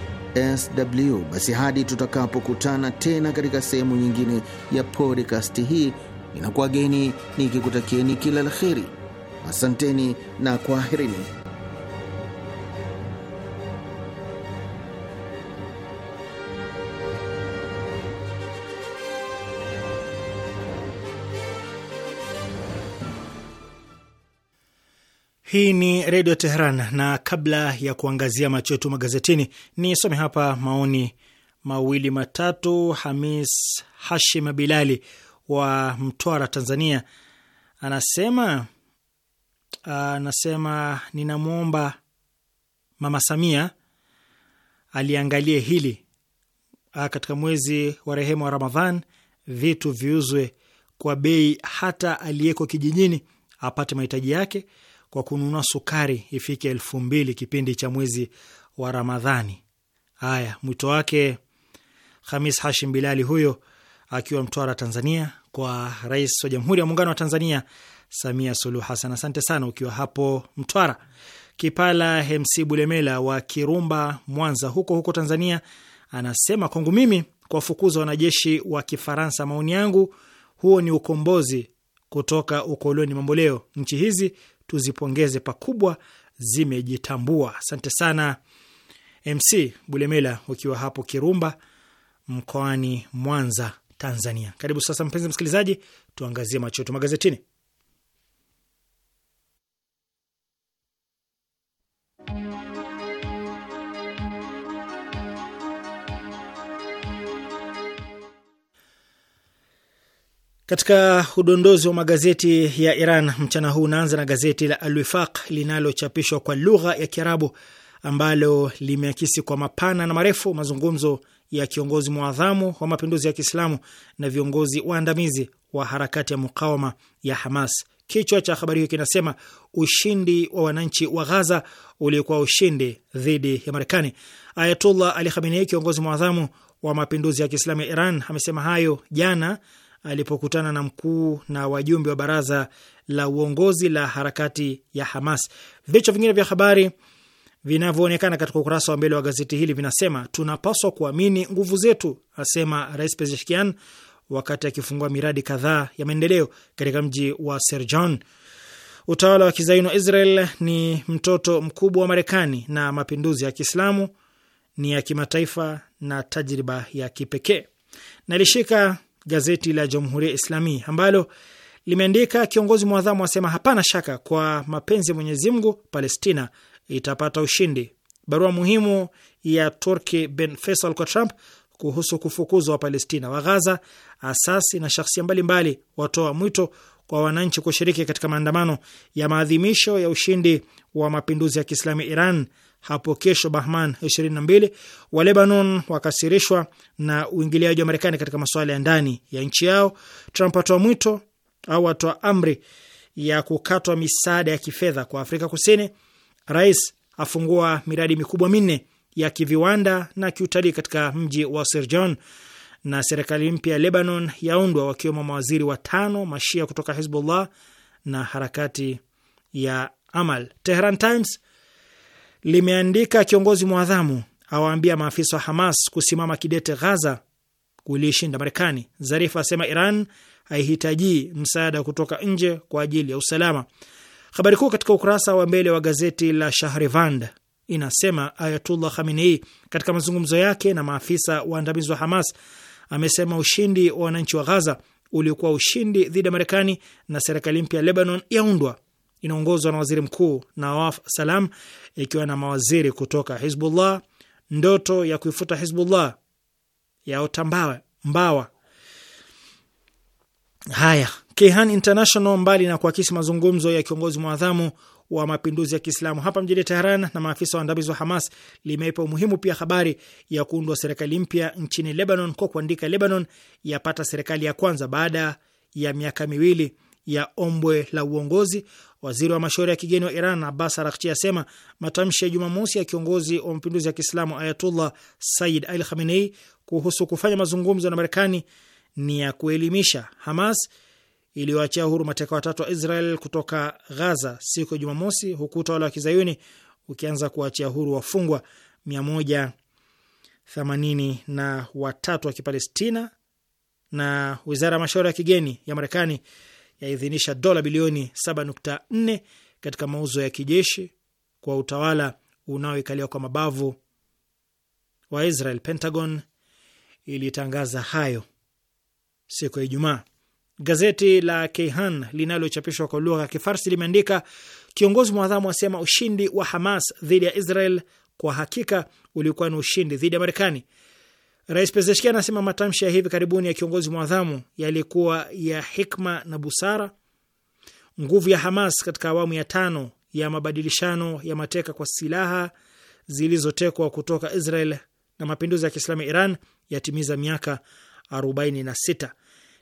Basi hadi tutakapokutana tena katika sehemu nyingine ya podcast hii, inakuwa geni nikikutakieni kila la kheri. Asanteni na kwaherini. Hii ni Redio Teheran, na kabla ya kuangazia macho yetu magazetini, nisome hapa maoni mawili matatu. Hamis Hashim Bilali wa Mtwara, Tanzania, anasema anasema ninamwomba Mama Samia aliangalie hili ah, katika mwezi wa rehema wa Ramadhan, vitu viuzwe kwa bei, hata aliyeko kijijini apate mahitaji yake kwa kununua sukari ifike elfu mbili kipindi cha mwezi wa Ramadhani. Haya, mwito wake Hamis Hashim Bilali huyo akiwa Mtwara, Tanzania, kwa Rais wa Jamhuri ya Muungano wa Tanzania Samia Suluhu Hassan. Asante sana ukiwa hapo Mtwara. Kipala MC Bulemela wa Kirumba, Mwanza, huko huko Tanzania, anasema kwangu mimi kuwafukuza wanajeshi wa Kifaransa, maoni yangu huo ni ukombozi kutoka ukoloni mamboleo. Nchi hizi tuzipongeze pakubwa, zimejitambua. Asante sana MC Bulemela ukiwa hapo Kirumba mkoani Mwanza, Tanzania. Karibu sasa, mpenzi msikilizaji, tuangazie macho yetu magazetini. Katika udondozi wa magazeti ya Iran mchana huu unaanza na gazeti la Alwifaq linalochapishwa kwa lugha ya Kiarabu ambalo limeakisi kwa mapana na marefu mazungumzo ya kiongozi mwadhamu wa mapinduzi ya Kiislamu na viongozi waandamizi wa harakati ya mukawama ya Hamas. Kichwa cha habari hiyo kinasema ushindi wa wananchi wa Ghaza uliokuwa ushindi dhidi ya Marekani. Ayatullah Ali Khamenei, kiongozi mwadhamu wa mapinduzi ya Kiislamu ya Iran, amesema hayo jana alipokutana na mkuu na wajumbe wa baraza la uongozi la harakati ya Hamas. Vichwa vingine vya habari vinavyoonekana katika ukurasa wa mbele wa gazeti hili vinasema: tunapaswa kuamini nguvu zetu, asema Rais Pezeshkian wakati akifungua miradi kadhaa ya maendeleo katika mji wa Serjon. Utawala wa kizaini wa Israel ni mtoto mkubwa wa Marekani na mapinduzi ya Kiislamu ni ya kimataifa na tajriba ya kipekee. Nalishika gazeti la Jamhuri ya Islami ambalo limeandika kiongozi mwadhamu asema hapana shaka kwa mapenzi ya Mwenyezi Mungu Palestina itapata ushindi. Barua muhimu ya Turki bin Faisal kwa Trump kuhusu kufukuzwa wa palestina wa Gaza. Asasi na shahsia mbalimbali watoa mwito kwa wananchi kushiriki katika maandamano ya maadhimisho ya ushindi wa mapinduzi ya Kiislamu Iran hapo kesho Bahman 22. Wa Lebanon wakasirishwa na uingiliaji wa Marekani katika masuala ya ndani ya nchi yao. Trump atoa mwito au atoa amri ya kukatwa misaada ya kifedha kwa Afrika Kusini. Rais afungua miradi mikubwa minne ya kiviwanda na kiutalii katika mji wa Sirjon, na serikali mpya ya Lebanon yaundwa wakiwemo mawaziri watano mashia kutoka Hizbullah na harakati ya Amal. Tehran Times limeandika kiongozi mwadhamu awaambia maafisa wa Hamas kusimama kidete Ghaza kuliishinda Marekani. Zarifa asema Iran haihitaji msaada kutoka nje kwa ajili ya usalama. Habari kuu katika ukurasa wa mbele wa gazeti la Shahrivand inasema Ayatullah Khamenei katika mazungumzo yake na maafisa waandamizi wa Hamas amesema ushindi wa wananchi wa Ghaza uliokuwa ushindi dhidi ya Marekani na serikali mpya ya Lebanon yaundwa inaongozwa na waziri mkuu Nawaf Salam ikiwa na mawaziri kutoka Hizbullah, ndoto ya kuifuta Hizbullah yaotambawe mbawa. Haya, Kehan International mbali na kuakisi mazungumzo ya kiongozi mwadhamu wa mapinduzi ya Kiislamu hapa mjini Tehran na maafisa waandamizi wa Hamas limeipa umuhimu pia habari ya kuundwa serikali mpya nchini Lebanon kwa kuandika, Lebanon yapata serikali ya kwanza baada ya miaka miwili ya ombwe la uongozi Waziri wa mashauri ya kigeni wa Iran Abbas Araghchi asema matamshi ya Jumamosi ya kiongozi wa mapinduzi ya Kiislamu Ayatullah Sayyid Ali Khamenei kuhusu kufanya mazungumzo na Marekani ni ya kuelimisha. Hamas iliyoachia huru mateka watatu wa Israel kutoka Ghaza siku ya Jumamosi, huku utawala wa kizayuni ukianza kuachia huru wafungwa mia na watatu wa Kipalestina, na wizara ya mashauri ya kigeni ya Marekani yaidhinisha dola bilioni 7.4 katika mauzo ya kijeshi kwa utawala unaoikalia kwa mabavu wa Israel. Pentagon ilitangaza hayo siku ya Ijumaa. Gazeti la Kayhan linalochapishwa kwa lugha ya Kifarsi limeandika kiongozi mwadhamu asema ushindi wa Hamas dhidi ya Israel kwa hakika ulikuwa ni ushindi dhidi ya Marekani. Rais Pezeshkian anasema matamshi ya hivi karibuni ya kiongozi mwadhamu yalikuwa ya hikma na busara. Nguvu ya Hamas katika awamu ya tano ya mabadilishano ya mateka kwa silaha zilizotekwa kutoka Israel na mapinduzi ya Kiislamu ya Iran yatimiza miaka 46.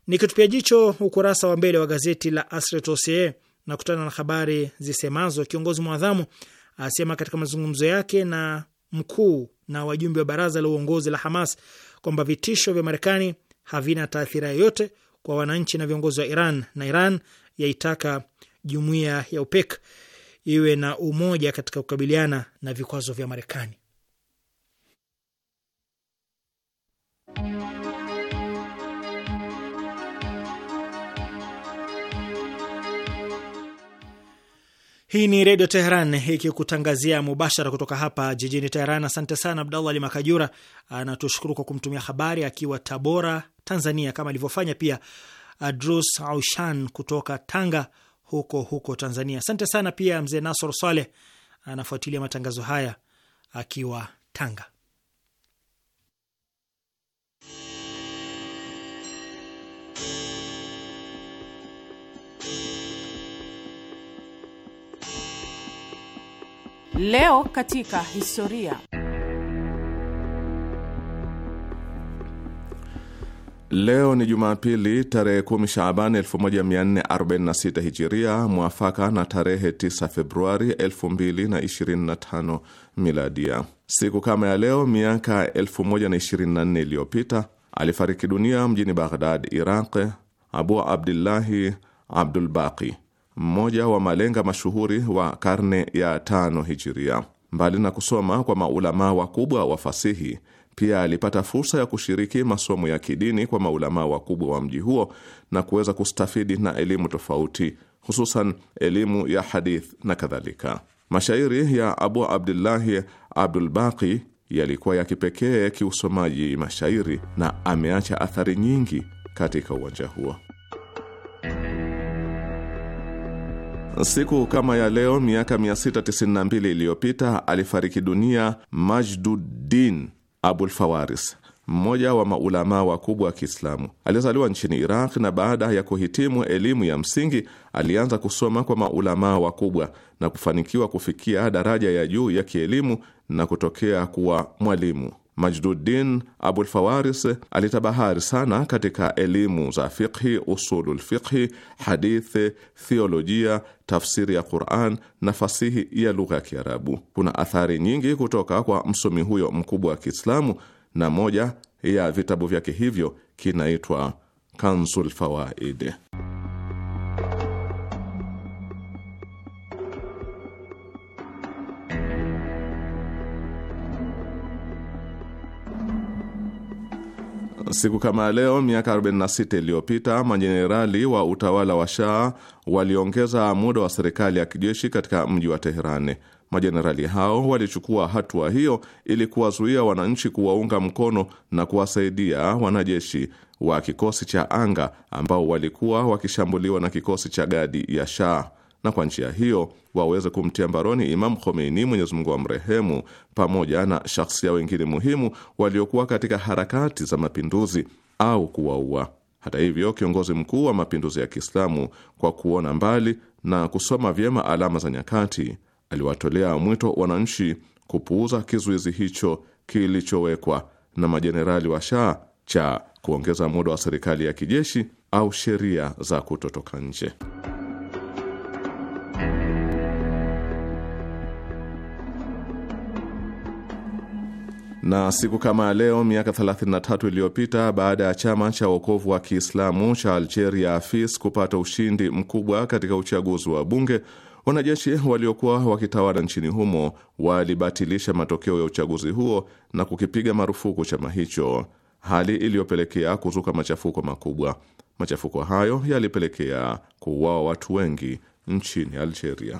Nikitupia jicho ukurasa wa mbele wa gazeti la Asre na kutana na habari zisemazo kiongozi mwadhamu asema katika mazungumzo yake na mkuu na wajumbe wa baraza la uongozi la Hamas kwamba vitisho vya Marekani havina taathira yoyote kwa wananchi na viongozi wa Iran, na Iran yaitaka jumuiya ya OPEC iwe na umoja katika kukabiliana na vikwazo vya Marekani. Hii ni Redio Teheran ikikutangazia mubashara kutoka hapa jijini Teheran. Asante sana Abdallah Ali Makajura anatushukuru kwa kumtumia habari akiwa Tabora, Tanzania, kama alivyofanya pia Adrus Aushan kutoka Tanga huko huko Tanzania. Asante sana pia mzee Nasor Saleh anafuatilia matangazo haya akiwa Tanga. Leo katika historia. Leo ni Jumapili tarehe 10 shaban 1446 Hijiria, mwafaka na tarehe 9 Februari 2025 Miladia. Siku kama ya leo miaka 1024 iliyopita alifariki dunia mjini Baghdad, Iraq, Abu Abdillahi Abdulbaqi mmoja wa malenga mashuhuri wa karne ya tano hijiria. Mbali na kusoma kwa maulamaa wakubwa wa fasihi, pia alipata fursa ya kushiriki masomo ya kidini kwa maulamaa wakubwa wa mji huo na kuweza kustafidi na elimu tofauti, hususan elimu ya hadith na kadhalika. Mashairi ya Abu abdullahi Abdulbaqi yalikuwa ya kipekee kiusomaji mashairi na ameacha athari nyingi katika uwanja huo. Siku kama ya leo miaka 692 iliyopita alifariki dunia Majduddin Abul Fawaris, mmoja wa maulamaa wakubwa wa Kiislamu. Alizaliwa nchini Iraq na baada ya kuhitimu elimu ya msingi alianza kusoma kwa maulamaa wakubwa na kufanikiwa kufikia daraja ya juu ya kielimu na kutokea kuwa mwalimu. Majduddin Abulfawaris alitabahari sana katika elimu za fiqhi, usulul fiqhi, hadithi, theolojia, tafsiri ya Quran na fasihi ya lugha ya Kiarabu. Kuna athari nyingi kutoka kwa msomi huyo mkubwa wa Kiislamu, na moja ya vitabu vyake hivyo kinaitwa Kanzul Fawaid. Siku kama leo miaka 46 iliyopita majenerali wa utawala wa Shah waliongeza muda wa serikali ya kijeshi katika mji wa Teherani. Majenerali hao walichukua hatua hiyo ili kuwazuia wananchi kuwaunga mkono na kuwasaidia wanajeshi wa kikosi cha anga ambao walikuwa wakishambuliwa na kikosi cha gadi ya Shah na kwa njia hiyo waweze kumtia mbaroni Imam Khomeini, Mwenyezi Mungu wa mrehemu, pamoja na shakhsia wengine muhimu waliokuwa katika harakati za mapinduzi au kuwaua. Hata hivyo, kiongozi mkuu wa mapinduzi ya Kiislamu kwa kuona mbali na kusoma vyema alama za nyakati, aliwatolea mwito wananchi kupuuza kizuizi hicho kilichowekwa na majenerali wa Shah cha kuongeza muda wa serikali ya kijeshi au sheria za kutotoka nje. Na siku kama ya leo miaka 33 iliyopita, baada ya chama cha wokovu wa Kiislamu cha Algeria AFIS kupata ushindi mkubwa katika uchaguzi wa bunge, wanajeshi waliokuwa wakitawala nchini humo walibatilisha matokeo ya uchaguzi huo na kukipiga marufuku chama hicho, hali iliyopelekea kuzuka machafuko makubwa. Machafuko hayo yalipelekea kuuawa watu wengi nchini Algeria.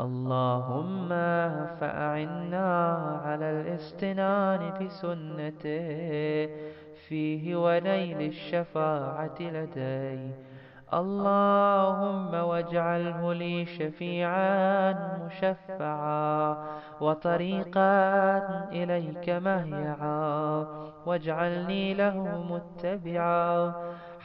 اللهم فأعنا على الاستنان بسنته فيه ونيل الشفاعة لدي اللهم واجعله لي شفيعا مشفعا وطريقا إليك مهيعا واجعلني له متبعا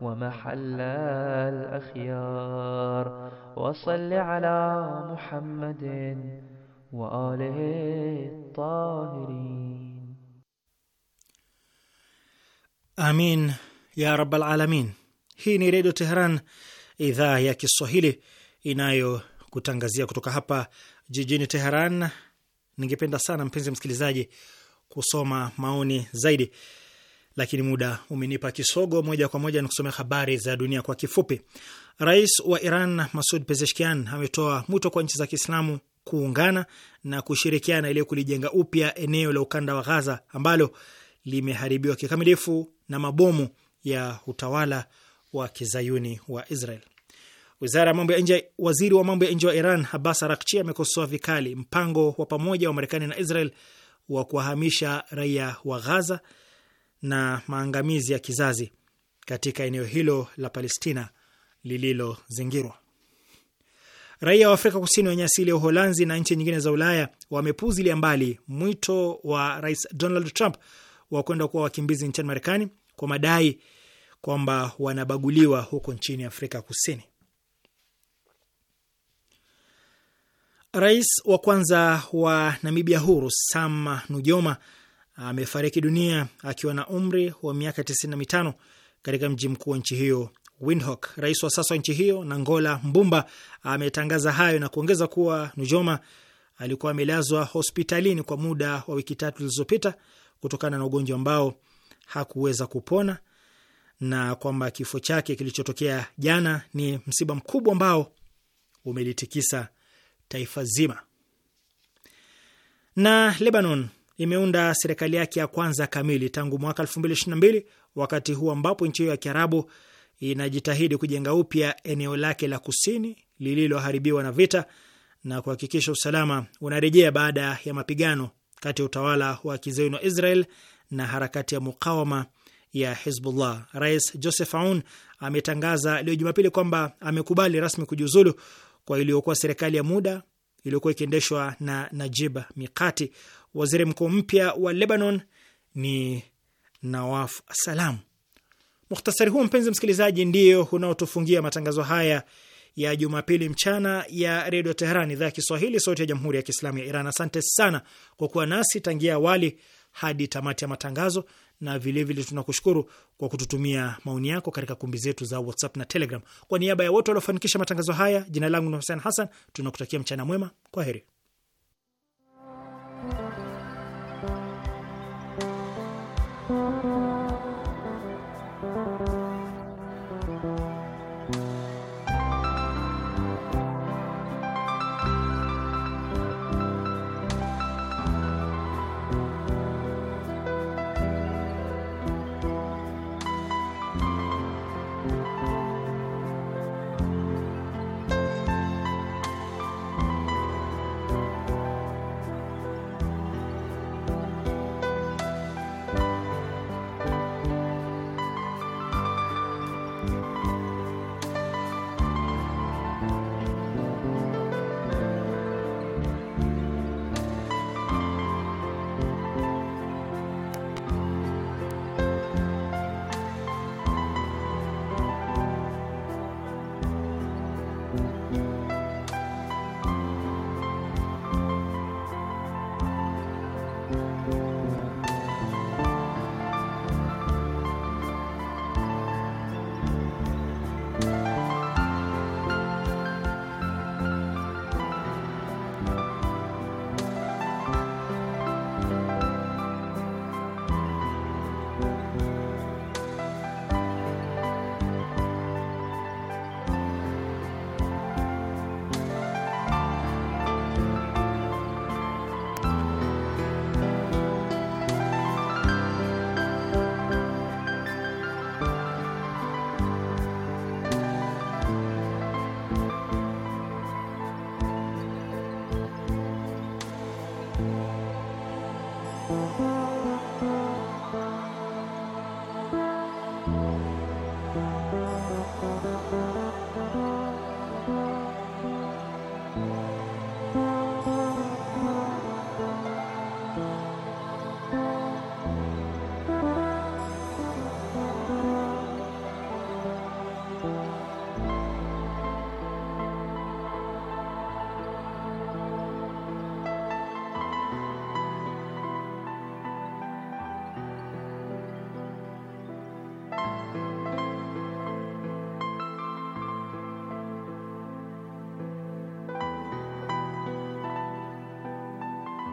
ومحل الأخيار وصل على محمد وآله الطاهرين آمين ya rabal alamin. Hii ni Redio Teheran, idhaa ya Kiswahili inayokutangazia kutoka hapa jijini Teheran. Ningependa sana mpenzi msikilizaji, kusoma maoni zaidi lakini muda umenipa kisogo. Moja kwa moja ni kusomea habari za dunia kwa kifupi. Rais wa Iran Masud Pezeshkian ametoa mwito kwa nchi za Kiislamu kuungana na kushirikiana ili kulijenga upya eneo la ukanda wa Ghaza ambalo limeharibiwa kikamilifu na mabomu ya utawala wa kizayuni wa Israel. Wizara ya mambo ya nje, waziri wa mambo ya nje wa Iran Abbas Arakchi amekosoa vikali mpango wa pamoja wa Marekani na Israel wa kuwahamisha raia wa Ghaza na maangamizi ya kizazi katika eneo hilo la Palestina lililozingirwa. Raia wa Afrika Kusini wenye asili ya Uholanzi na nchi nyingine za Ulaya wamepuzilia mbali mwito wa Rais Donald Trump wa kwenda kuwa wakimbizi nchini Marekani kwa madai kwamba wanabaguliwa huko nchini Afrika Kusini. Rais wa kwanza wa Namibia huru Sam Nujoma amefariki dunia akiwa na umri wa miaka 95 katika mji mkuu wa nchi hiyo Windhoek. Rais wa sasa wa nchi hiyo Nangola Mbumba ametangaza hayo na kuongeza kuwa Nujoma alikuwa amelazwa hospitalini kwa muda wa wiki tatu zilizopita kutokana na ugonjwa ambao hakuweza kupona na kwamba kifo chake kilichotokea jana ni msiba mkubwa ambao umelitikisa taifa zima. Na Lebanon imeunda serikali yake ya kwanza kamili tangu mwaka 2022 wakati huu ambapo nchi hiyo ya Kiarabu inajitahidi kujenga upya eneo lake la kusini lililoharibiwa na vita na kuhakikisha usalama unarejea baada ya mapigano kati ya utawala wa kizayuni wa Israel na harakati ya mukawama ya Hizbullah. Rais Joseph Aoun ametangaza leo Jumapili kwamba amekubali rasmi kujiuzulu kwa iliyokuwa serikali ya muda iliyokuwa ikiendeshwa na Najib Mikati. Waziri mkuu mpya wa Lebanon ni Nawaf Salam. Mukhtasari huu mpenzi msikilizaji, ndio unaotufungia matangazo haya ya Jumapili mchana ya Redio Teheran, idhaa ya Kiswahili, sauti ya Jamhuri ya Kiislamu ya Iran. Asante sana kwa kuwa nasi tangia awali hadi tamati ya matangazo, na vilevile tunakushukuru kwa kututumia maoni yako katika kumbi zetu za WhatsApp na Telegram. Kwa niaba ya wote waliofanikisha matangazo haya, jina langu ni Hussein Hassan, tunakutakia mchana mwema. Kwa heri. Thank you.